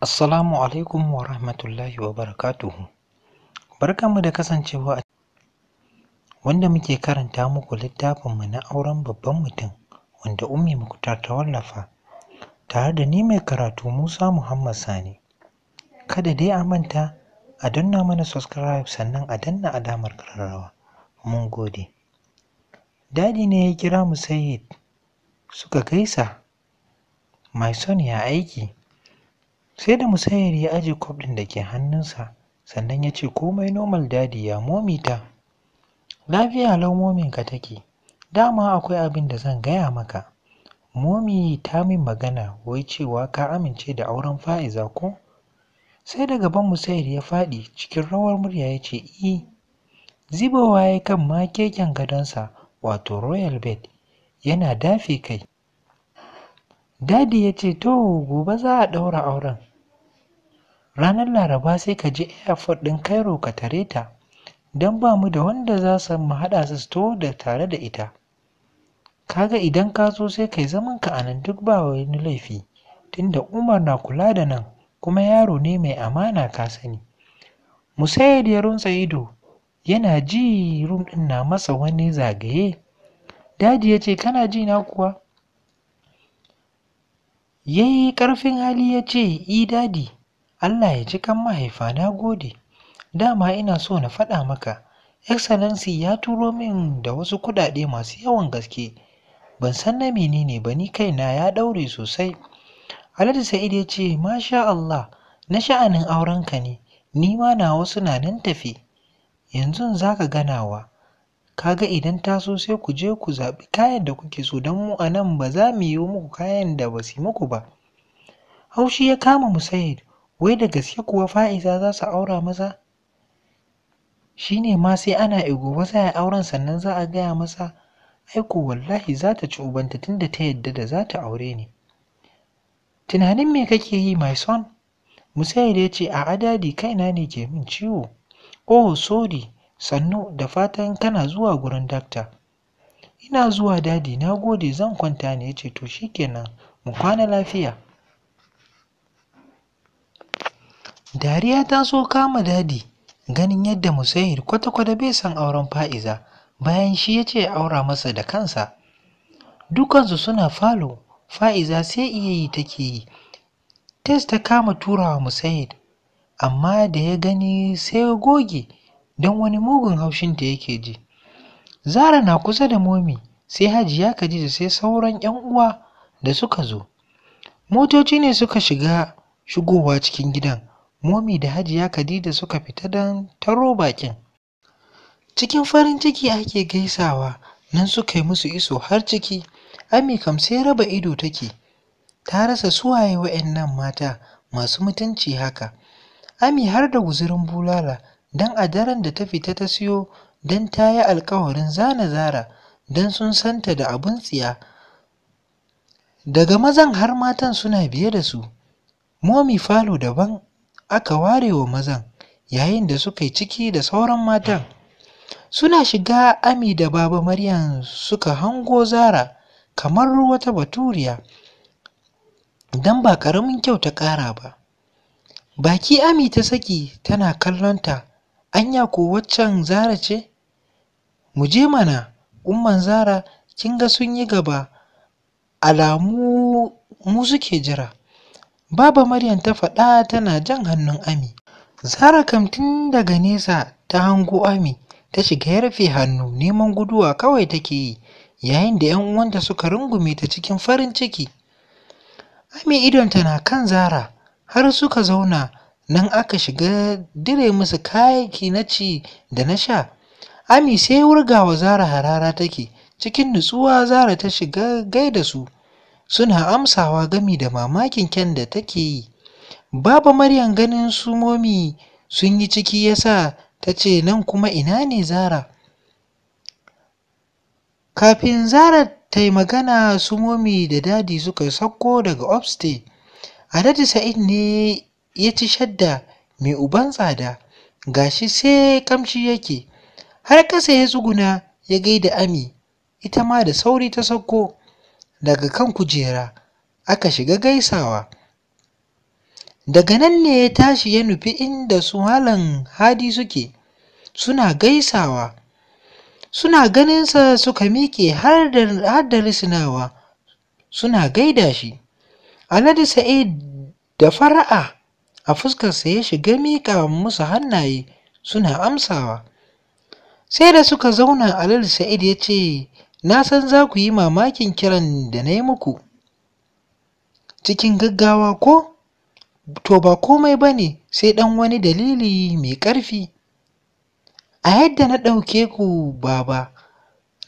Assalamu alaikum wa rahmatullahi wa barakatuhu. mu da kasancewa a wanda muke karanta muku littafinmu na auren babban mutum wanda Ummi Muktar ta wallafa tare da ni mai karatu Musa Muhammad Sani. Kada dai a manta a danna mana subscribe sannan a danna alamar kararrawa. Mun gode. Dadi ne ya kira mu Sayyid suka gaisa. Mai son ya aiki. sai da musayar ya aje kwaf ɗin da ke hannunsa sannan ya ce komai nomal dadi ya momi ta lafiya lau momin ka take dama akwai abin da zan gaya maka momi ta min magana wai cewa ka amince da auren fa'iza ko sai da gaban musayar ya faɗi cikin rawar murya ya ce i e, zibowa ya kan ma keken gadonsa wato royal bed yana dafe kai dadi ya ce to gobe za a ɗaura auren ranar laraba sai ka je airport ɗin cairo ka tare ta don ba mu da wanda za su mu haɗa su da tare da ita Ka ga idan ka zo sai kai zaman ka nan duk ba wani laifi tunda umar na kula da nan kuma yaro ne mai amana ka sani musayid ya runtsa ido yana ji rum ɗin na masa wani zagaye Dadi ya ce kana ji na kuwa ya yi ƙarfin hali ya ce i e, dadi Allah ya ji kan mahaifa na gode. Dama ina so na faɗa maka, Excellency ya turo min da wasu kuɗaɗe masu yawan gaske. Ban san na menene ba ni kaina ya ɗaure sosai. Alhaji Sa'id ya ce, Masha Allah, na sha'anin aurenka ne, ni ma na wasu na nan tafi. Yanzu za ka ganawa. Kaga idan taso sai ku je ku zaɓi kayan da kuke so don mu a nan ba za mu yi muku kayan da ba su muku ba. Haushi ya kama Musayid, wai da gaske kuwa fa'iza za su aura masa shi ne ma sai ana ego za a auren sannan za a gaya masa aiko wallahi za ta ci ubanta tunda ta yadda da za ta aure ni tunanin me kake yi my son musayar ya ce a adadi kaina ne ke min ciwo oh sorry sannu da fatan kana zuwa gurin dakta ina zuwa dadi na gode zan kwanta ne ya ce to shikenan mu kwana lafiya Dariya ta so kama dadi ganin yadda Musayir kwata-kwata bai san auren fa'iza bayan shi ya ce aura masa da kansa. Dukansu suna falo, fa'iza sai iya yi take yi. Tes ta kama turawa Musayir, amma da ya gani sai ya goge don wani mugun haushin haushinta yake ji. Zara na kusa da momi sai hajiya da sai sauran 'yan uwa da suka zo. Motoci ne suka shiga shigowa cikin gidan. Momi da Hajiya Khadija suka fita don taro baƙin. Cikin farin ciki ake gaisawa, nan suka yi musu iso har ciki, Ami kam sai raba ido take, ta rasa suwaye waɗannan mata masu mutunci haka. Ami har da guzurin bulala, don a daren da ta fita ta siyo don ta yi alkawarin zana zara, don sun santa da abun tsiya. Daga mazan har matan suna biye da su, momi falo daban, aka ware wa mazan yayin da suka yi ciki da sauran matan suna shiga ami da baba maryam suka hango zara kamar wata baturiya don ba ƙaramin kyau ta ƙara ba baki ami ta saki tana kallonta anya ko waccan zara ce mu je mana umman zara kin ga sun yi gaba alamu mu suke jira Baba Maryam ta faɗa tana jan hannun Ami. Zara kam tun daga nesa ta hango Ami ta shiga ya rufe hannu neman guduwa kawai take yi yayin da 'yan uwanta suka rungume ta cikin farin ciki. Ami idonta na kan Zara har suka zauna nan aka shiga dire musu kayaki na ci da na sha. Ami sai wurga wa Zara harara take cikin nutsuwa Zara ta shiga gaida su. suna amsawa gami da mamakin kyan da take yi baba maryam ganin su momi sun yi ciki yasa ta ce nan kuma ina ne zara kafin zara ta yi magana su momi da dadi suka sauko daga upstate adadi sa'id ne ya ci shadda mai uban tsada gashi sai kamshi yake har ƙasa ya tsuguna ya gaida ami ita ma da sauri ta sauko daga kan kujera aka shiga gaisawa daga nan ne ya tashi ya nufi inda su malam hadi suke suna gaisawa suna ganinsa suka miƙe har da risinawa suna gaida shi alhaji sa'id da fara'a a fuskarsa ya shiga miƙa musu hannaye suna amsawa sai da suka zauna alhaji sa'id ya ce Na san za ku yi mamakin kiran da na yi muku. Cikin gaggawa ko? To ba komai ba ne sai ɗan wani dalili mai ƙarfi. A yadda na ɗauke ku baba,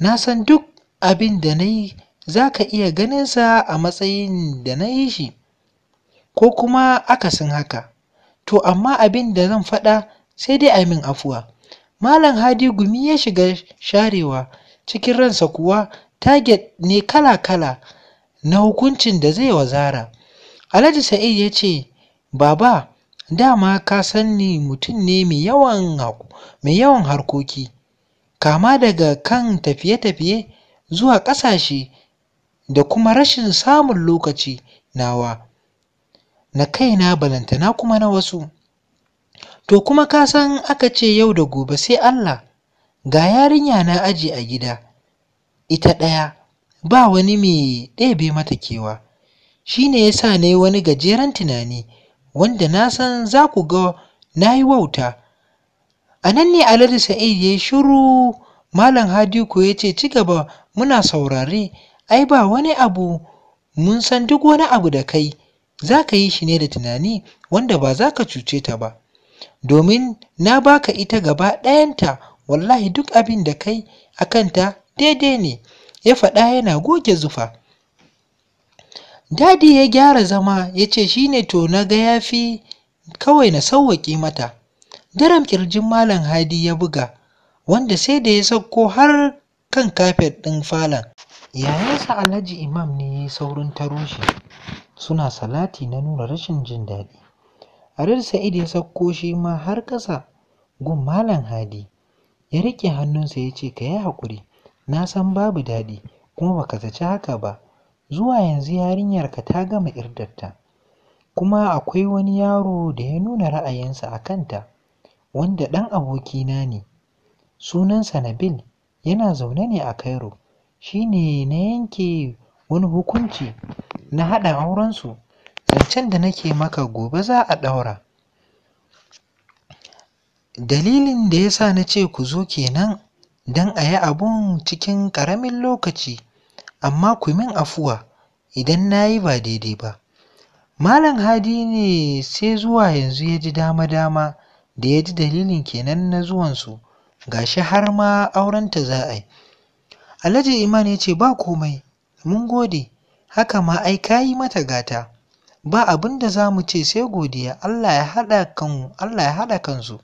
na san duk abin da na yi za ka iya ganinsa a matsayin da na yi shi, ko kuma akasin haka. To amma abin da zan faɗa sai dai a min afuwa. Malam Hadi gumi ya shiga sharewa cikin ransa kuwa target ne kala-kala na hukuncin da zai wazara. alhaji sa'id ya ce baba dama ka san ni mutum ne mai yawan harkoki kama daga kan tafiye-tafiye zuwa ƙasashe da kuma rashin samun lokaci nawa na kaina balantana kuma na wasu to kuma ka san aka ce yau da gobe sai Allah ga yarinya na aji a gida ita ɗaya ba wani mai ɗebe mata kewa shi ne ya sa na wani gajeren tunani wanda na san za ku ga na yi wauta a nan ne alhaji sa'id ya yi shiru malam hadiku ya ce ci gaba muna saurare ai ba wani abu mun san duk wani abu da kai za ka yi shi ne da tunani wanda ba za ka cuce ta ba domin na baka ita gaba ɗayanta wallahi duk abin da kai a kanta daidai ne ya faɗa yana goge zufa dadi ya gyara zama ya ce shi ne to na ga ya fi kawai na sauwaƙe mata daram ƙirjin malam hadi ya buga wanda sai da ya sauko har kan kafet ɗin falon yayansa alhaji imam ne ya yi saurin taro shi suna salati na nuna rashin jin daɗi arir sa'id ya sauko shi ma har ƙasa gun malam hadi ya riƙe hannunsa ya ce ka yi haƙuri na san babu daɗi kuma baka zaci haka ba zuwa yanzu yarinyarka ta gama irdarta kuma akwai wani yaro da ya nuna ra'ayinsa a kanta wanda ɗan abokina ne sunansa nabil yana zaune ne a cairo shi ne na yanke wani hukunci na haɗa aurensu zancen da nake maka gobe za a ɗaura Dalilin da ya sa na ce ku zo kenan don a yi abun cikin ƙaramin lokaci, amma ku min afuwa idan na yi ba daidai ba. Malam Hadi ne sai zuwa yanzu ya ji dama-dama da ya ji dalilin kenan na zuwansu, ga shi har ma aurenta za a yi. Alhaji Iman ya ce ba komai, mun gode, haka ma ai ka yi mata gata. Ba abin da za mu ce sai godiya Allah ya haɗa kansu.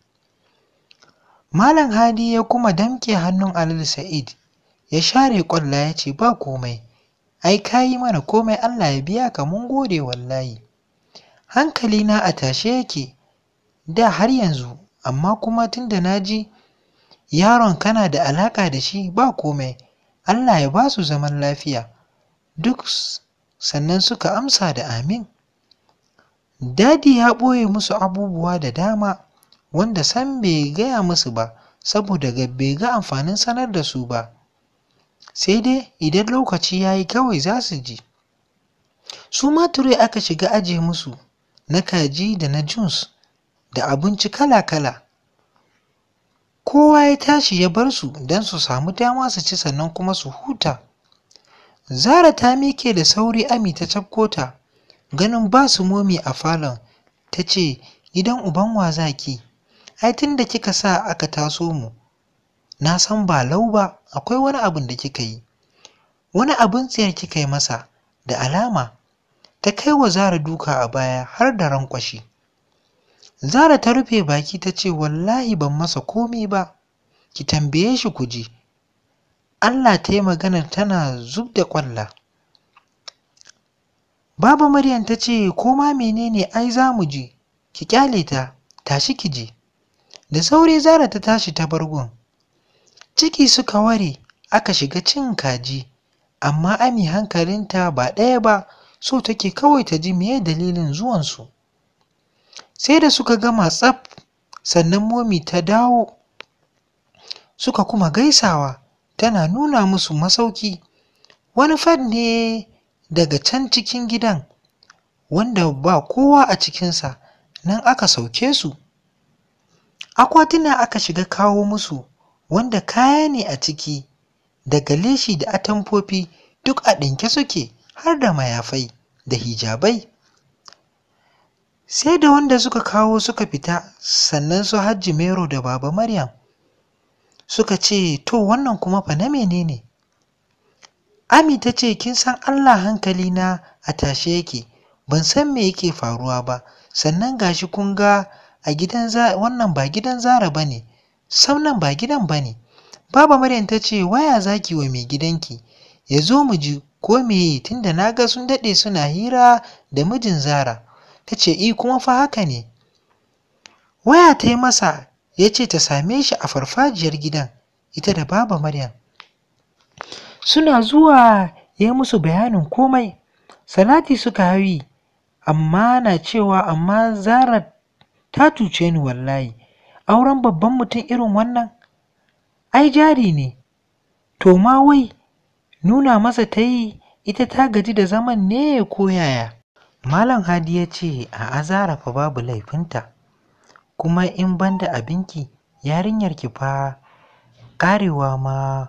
Malam Hadi ya kuma damƙe hannun Alhaji Sa'id ya share ƙwalla ya ce ba komai, ai ka yi mana komai Allah ya biya ka mun gode wallahi. na a tashe yake da har yanzu amma kuma tunda na ji yaron kana da alaƙa da shi ba komai Allah ya ba su zaman lafiya. Duk sannan suka amsa da amin. Dadi ya ɓoye musu abubuwa da dama wanda sam bai gaya musu ba saboda bai ga amfanin sanar da su ba sai dai idan lokaci ya yi kawai za su ji su ma ture aka shiga aje musu na kaji da na juice da abinci kala-kala kowa ya tashi ya bar su don su samu dama su ci sannan kuma su huta zara ta mike da sauri ami ta ta, ganin ba su momi a falon ta ce gidan uban wa zaki ai tun da kika sa aka taso mu na san ba lau ba akwai wani abin da kika yi wani abin tsayar kika yi masa da alama ta kai wa zara duka a baya har da rankwashi zara ta rufe baki ta ce wallahi ban masa komi ba ki tambaye shi ku ji allah ta yi magana tana zub da ƙwalla Baba Maryam ta ce, Koma menene ai za mu ji, ki kyale ta, tashi ki je. da sauri zara ta tashi ta gun ciki suka ware aka shiga cin kaji amma ami hankalinta ba ɗaya ba so take kawai ta ji meye dalilin zuwansu sai da suka gama tsaf sannan momi ta dawo suka kuma gaisawa tana nuna musu masauki wani fad ne daga can cikin gidan wanda ba kowa a cikinsa nan aka sauke su akwatuna aka shiga kawo musu wanda kaya ne a ciki daga leshi da atamfofi duk a ɗinke suke har da mayafai da hijabai sai da wanda suka kawo suka fita sannan su hajji mero da baba maryam suka ce to wannan kuma fa na menene ami ta ce kin san allah hankali na a tashe yake ban san me yake faruwa ba sannan gashi kun ga a gidan wannan ba gidan zara ba ne ba gidan ba ne baba maryam ta ce waya zaki wa mai gidanki ya zo mu ji ko meye tunda na ga sun daɗe suna hira da mijin zara ta ce i eh, kuma fa haka ne waya ta yi masa ya ce ta same shi a farfajiyar gidan ita da baba maryam suna zuwa ya yi musu bayanin komai salati suka hawi amma na cewa amma zarar ta cuce ni wallahi auren babban mutum irin wannan ai jari ne to ma wai nuna masa ta yi ita ta gaji da zaman ne ko yaya malam hadi ya ce a azara fa babu laifinta kuma in banda abinki yarinyar ki fa karewa ma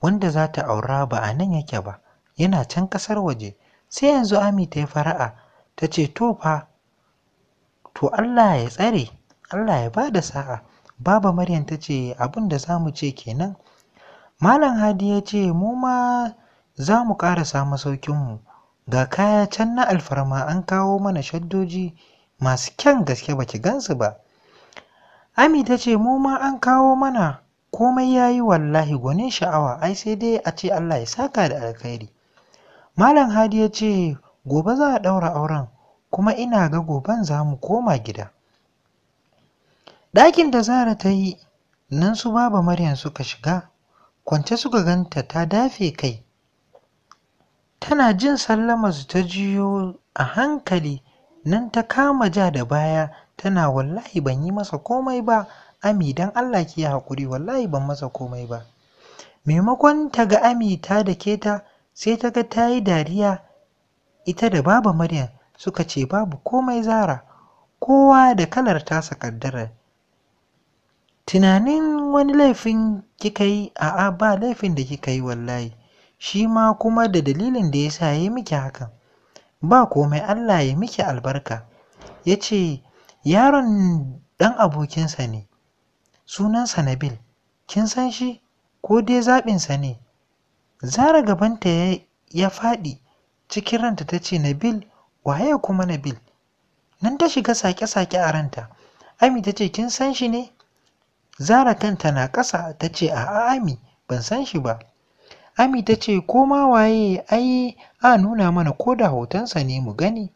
wanda za ta aura ba a nan yake ba yana can ƙasar waje sai yanzu ami ta yi fara'a ta ce to fa To Allah ya tsare, Allah ya ba da sa'a. Baba Maryam ta ce abin da za ce kenan. Malam Hadi ya ce mu ma za mu ƙarasa masaukinmu ga kaya can na alfarma an kawo mana shaddoji masu kyan gaske baki gansu ba. Ami ta ce mu ma an kawo mana komai ya yi wallahi gwanin sha'awa ai sai dai a ce Allah ya saka da alkhairi. Malam Hadi ya ce gobe za a daura auren kuma ina ga goben za mu koma gida. Ɗakin da Zara ta yi nan su baba Maryam suka shiga, kwance suka ganta ta dafe kai. Tana jin sallama su ta jiyo a hankali nan ta kama ja da baya tana wallahi ban yi masa komai ba ami don Allah ki yi haƙuri wallahi ban masa komai ba. Maimakon ta ga ami ta da keta sai ta ga ta yi dariya ita da baba Maryam suka ce babu komai zara kowa da kalar tasa kaddara tunanin wani laifin kika yi a'a ba laifin da kika yi wallahi shi ma kuma da dalilin da ya sa ya yi miki hakan ba komai Allah ya miki albarka ya ce yaron ɗan abokinsa ne sunansa Nabil kin san shi ko dai zaɓinsa ne zara gabanta ya faɗi cikin ranta ta ce Nabil waye kuma Nabil nan ta shiga sake-sake a ranta Ami ta ce kin san shi ne Zara kanta na ƙasa ta ce a Ami ban san shi ba Ami ta ce ko ma waye ai a nuna mana ko da hotonsa ne mu gani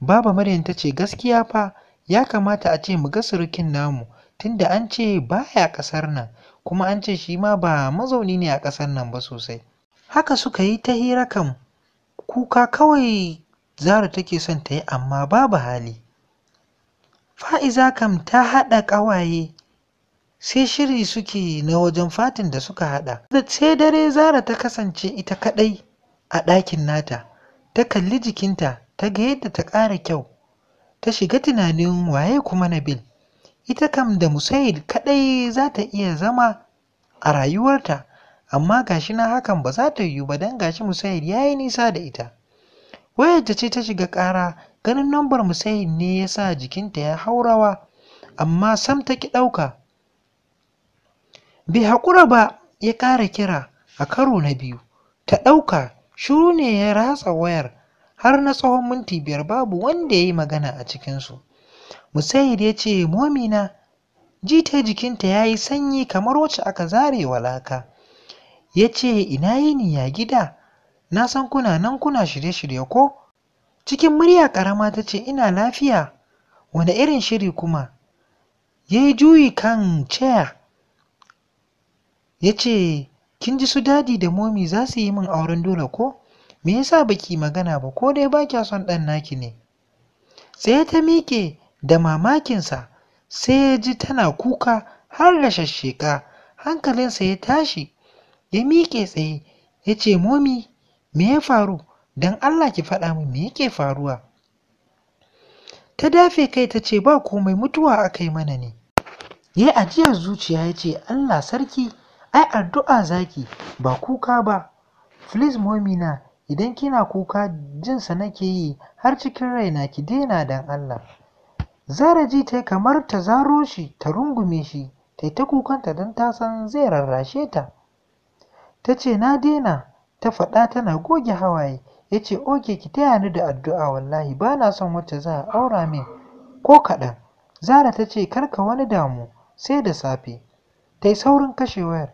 Baba Maryam ta ce gaskiya fa ya kamata a ce mu ga surukin namu tunda an ce baya ƙasar nan kuma an ce shi ma ba mazauni ne a ƙasar nan ba sosai haka suka yi ta hira kam kuka kawai Zara take son ta yi amma babu hali. Fa'iza kam ta haɗa ƙawaye sai shiri suke na wajen fatin da suka haɗa. da Sai dare Zara ta kasance ita kaɗai a ɗakin nata, ta kalli jikinta ta ga yadda ta ƙara kyau, ta shiga tunanin waye kuma Nabil. Ita kam da Musayid kaɗai za ta iya zama a rayuwarta, amma gashi na hakan ba za ta yiwu ba don gashi Musayid ya yi nisa da ita. Wayar wayarta ce ta shiga ƙara ganin nambar musayin ne ya sa jikinta ya haurawa amma sam ta ki ɗauka bai haƙura ba ya ƙara kira a karo na biyu ta ɗauka shiru ne ya ratsa wayar har na tsawon minti biyar babu wanda ya yi magana a cikinsu musayid ya ce momina ji ta jikinta ya yi sanyi kamar wacce aka zare wa laka ya ce ina yini ya gida na san kuna nan kuna shirye-shirye ko? Cikin murya ƙarama ta ce, Ina lafiya, wani irin shiri kuma? Ya yi juyi kan chair. Ya ce, Kin ji su dadi da momi za su yi min auren dole ko? Me yasa baki magana ba ko dai ba kya son ɗan naki ne? sai ta miƙe da mamakinsa sai ya ji tana kuka har da shashsheka hankalinsa ya tashi ya miƙe tsaye ya ce momi me ya faru don allah ki faɗa min me yake faruwa ta dafe kai ta ce ba komai mutuwa aka yi mana ne ya ajiyar zuciya ya ce allah sarki ai addu'a zaki ba kuka ba please momina idan kina kuka jinsa nake yi har cikin raina ki daina don allah zara ji ta kamar ta zaro shi ta rungume shi ta yi ta kukanta don ta san zai rarrashe ta ta ce na daina ta faɗa tana goge hawaye ya ce oke ki taya ni da addu'a wallahi ba na son wacce za a aura min ko kaɗan zara ta ce karka wani damu sai da safe ta yi saurin kashe wayar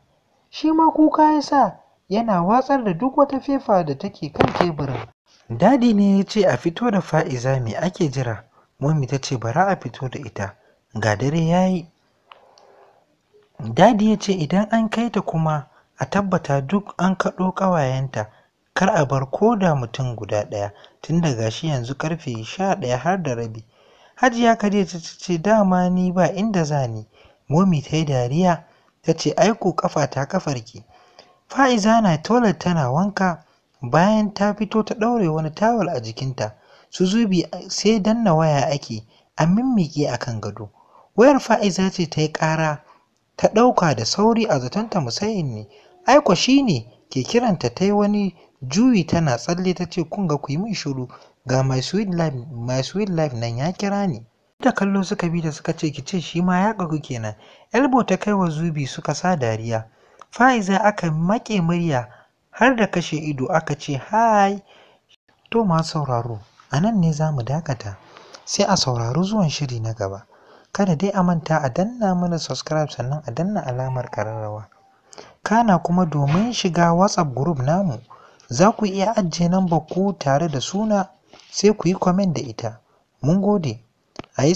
shi ma kuka ya sa yana watsar da duk wata fefa da take kan teburin dadi ne ya ce a fito da fa'iza me ake jira mummy ta ce bara a fito da ita ga dare ya yi dadi ya ce idan an kai ta kuma a tabbata duk an kaɗo ƙawayenta kar a bar ko da mutum guda ɗaya tun da gashi yanzu ƙarfe sha ɗaya har da rabi hajiya khadija ta ce dama ni ba inda za ni momi ta yi dariya ta ce aiko ƙafa ta ƙafar ki. fa'iza na tolar tana wanka bayan ta fito ta ɗaure wani tawul a jikinta su zubi sai danna waya ake a mimmiƙe a kan gado wayar fa'iza ce ta yi ƙara ta ɗauka da sauri a zaton ta musayin ne Aiko shi ne ke kiranta ta yi wani juyi tana tsalle ta ce kun ga ku yi min shiru ga my sweet life nan ya kira ni. da kallo suka bi da suka ce ki ce shi ma ya ƙaru kenan elbo ta kai wa zubi suka sa dariya fa'iza aka maƙe murya har da kashe ido aka ce hai to ma sauraro a nan ne za mu dakata sai a sauraro zuwan shiri na gaba kada dai a manta a danna mana subscribe sannan a danna alamar ƙararrawa Kana kuma domin shiga WhatsApp group namu za ku iya ajiye lambar ku tare da suna sai ku yi comment da ita. Mun gode. A